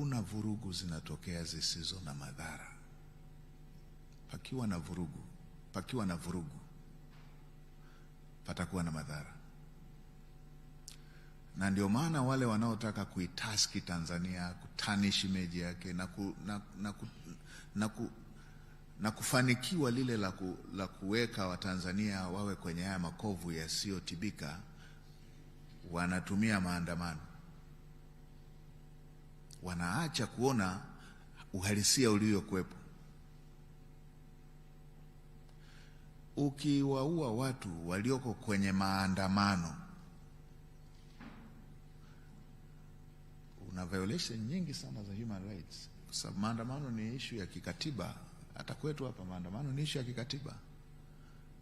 hakuna vurugu zinatokea zisizo na madhara. Pakiwa na vurugu, pakiwa na vurugu patakuwa na madhara, na ndio maana wale wanaotaka kuitaski Tanzania kutanishi meji yake na, ku, na, na, ku, na, ku, na kufanikiwa lile la, ku, la kuweka Watanzania wawe kwenye haya makovu yasiyotibika, wanatumia maandamano wanaacha kuona uhalisia uliokuwepo. Ukiwaua watu walioko kwenye maandamano, una violation nyingi sana za human rights, kwa sababu maandamano ni ishu ya kikatiba. Hata kwetu hapa maandamano ni ishu ya kikatiba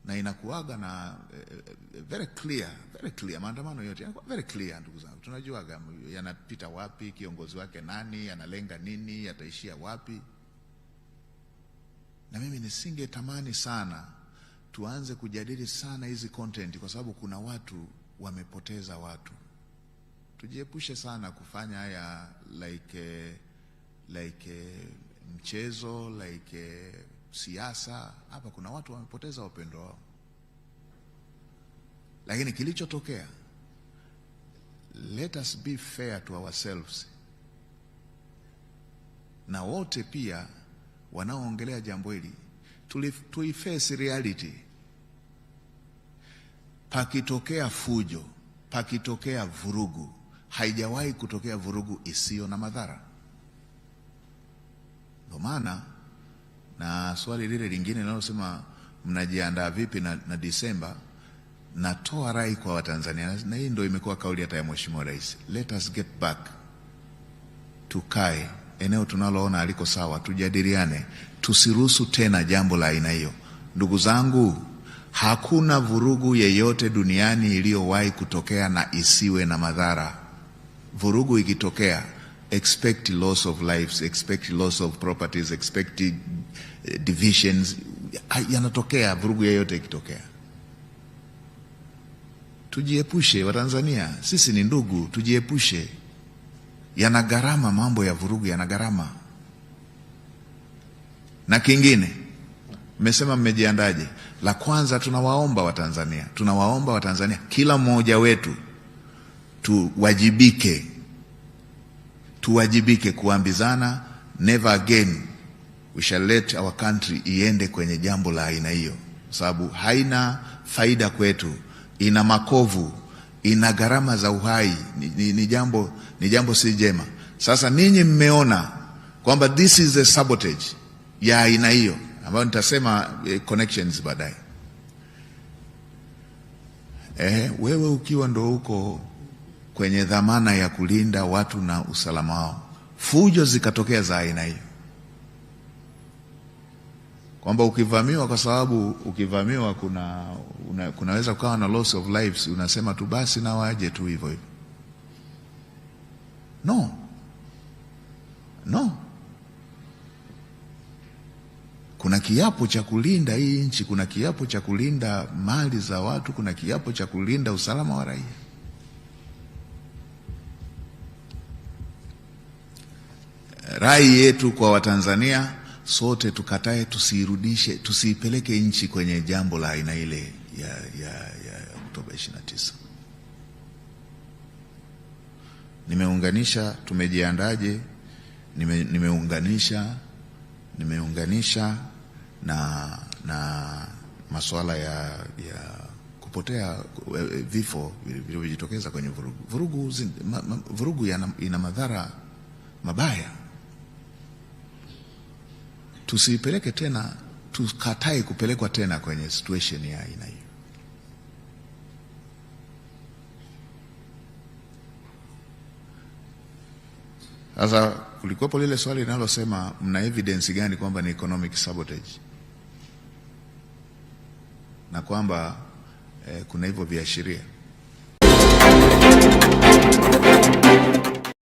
na inakuaga na eh, eh, very clear, very clear. Maandamano yote yanakuwa very clear, ndugu zangu, tunajuaga yanapita wapi, kiongozi wake nani, analenga nini, yataishia wapi. Na mimi nisingetamani sana tuanze kujadili sana hizi content, kwa sababu kuna watu wamepoteza watu. Tujiepushe sana kufanya haya like, eh, like eh, mchezo like siasa. Hapa kuna watu wamepoteza wapendwa wao, lakini kilichotokea, let us be fair to ourselves, na wote pia wanaoongelea jambo hili tuiface reality. Pakitokea fujo, pakitokea vurugu, haijawahi kutokea vurugu isiyo na madhara. Ndio maana na swali lile lingine linalosema mnajiandaa vipi na, na Disemba, natoa rai kwa Watanzania, na hii ndio imekuwa kauli hata ya Mheshimiwa Rais, let us get back, tukae eneo tunaloona aliko sawa, tujadiliane, tusiruhusu tena jambo la aina hiyo. Ndugu zangu, hakuna vurugu yeyote duniani iliyowahi kutokea na isiwe na madhara. Vurugu ikitokea expect loss of lives, expect loss of properties, expect Eh, divisions yanatokea, vurugu yoyote ikitokea. Tujiepushe Watanzania, sisi ni ndugu, tujiepushe. Yana gharama, mambo ya vurugu yana gharama. Na kingine mmesema mmejiandaje? La kwanza tunawaomba Watanzania, tunawaomba Watanzania, kila mmoja wetu tuwajibike, tuwajibike kuambizana never again we shall let our country iende kwenye jambo la aina hiyo, kwa sababu haina faida kwetu, ina makovu, ina gharama za uhai, ni, ni, ni jambo, ni jambo si jema. Sasa ninyi mmeona kwamba this is a sabotage ya aina hiyo ambayo nitasema eh, connections baadaye. Eh, wewe ukiwa ndo huko kwenye dhamana ya kulinda watu na usalama wao, fujo zikatokea za aina hiyo kwamba ukivamiwa, kwa sababu ukivamiwa kuna una, kunaweza kukawa na loss of lives, unasema tu basi na waje tu hivyo hivyo. No, no, kuna kiapo cha kulinda hii nchi, kuna kiapo cha kulinda mali za watu, kuna kiapo cha kulinda usalama wa raia. Rai yetu kwa Watanzania sote tukatae, tusiirudishe, tusiipeleke nchi kwenye jambo la aina ile ya, ya, ya Oktoba 29. Nimeunganisha tumejiandaje, nime, nimeunganisha nimeunganisha na, na masuala ya, ya kupotea eh, eh, vifo vilivyojitokeza kwenye vurugu vurugu, vurugu yana, ina madhara mabaya tusiipeleke tena, tukatae kupelekwa tena kwenye situation ya aina hiyo. Sasa kulikuwepo lile swali linalosema mna evidence gani kwamba ni economic sabotage na kwamba eh, kuna hivyo viashiria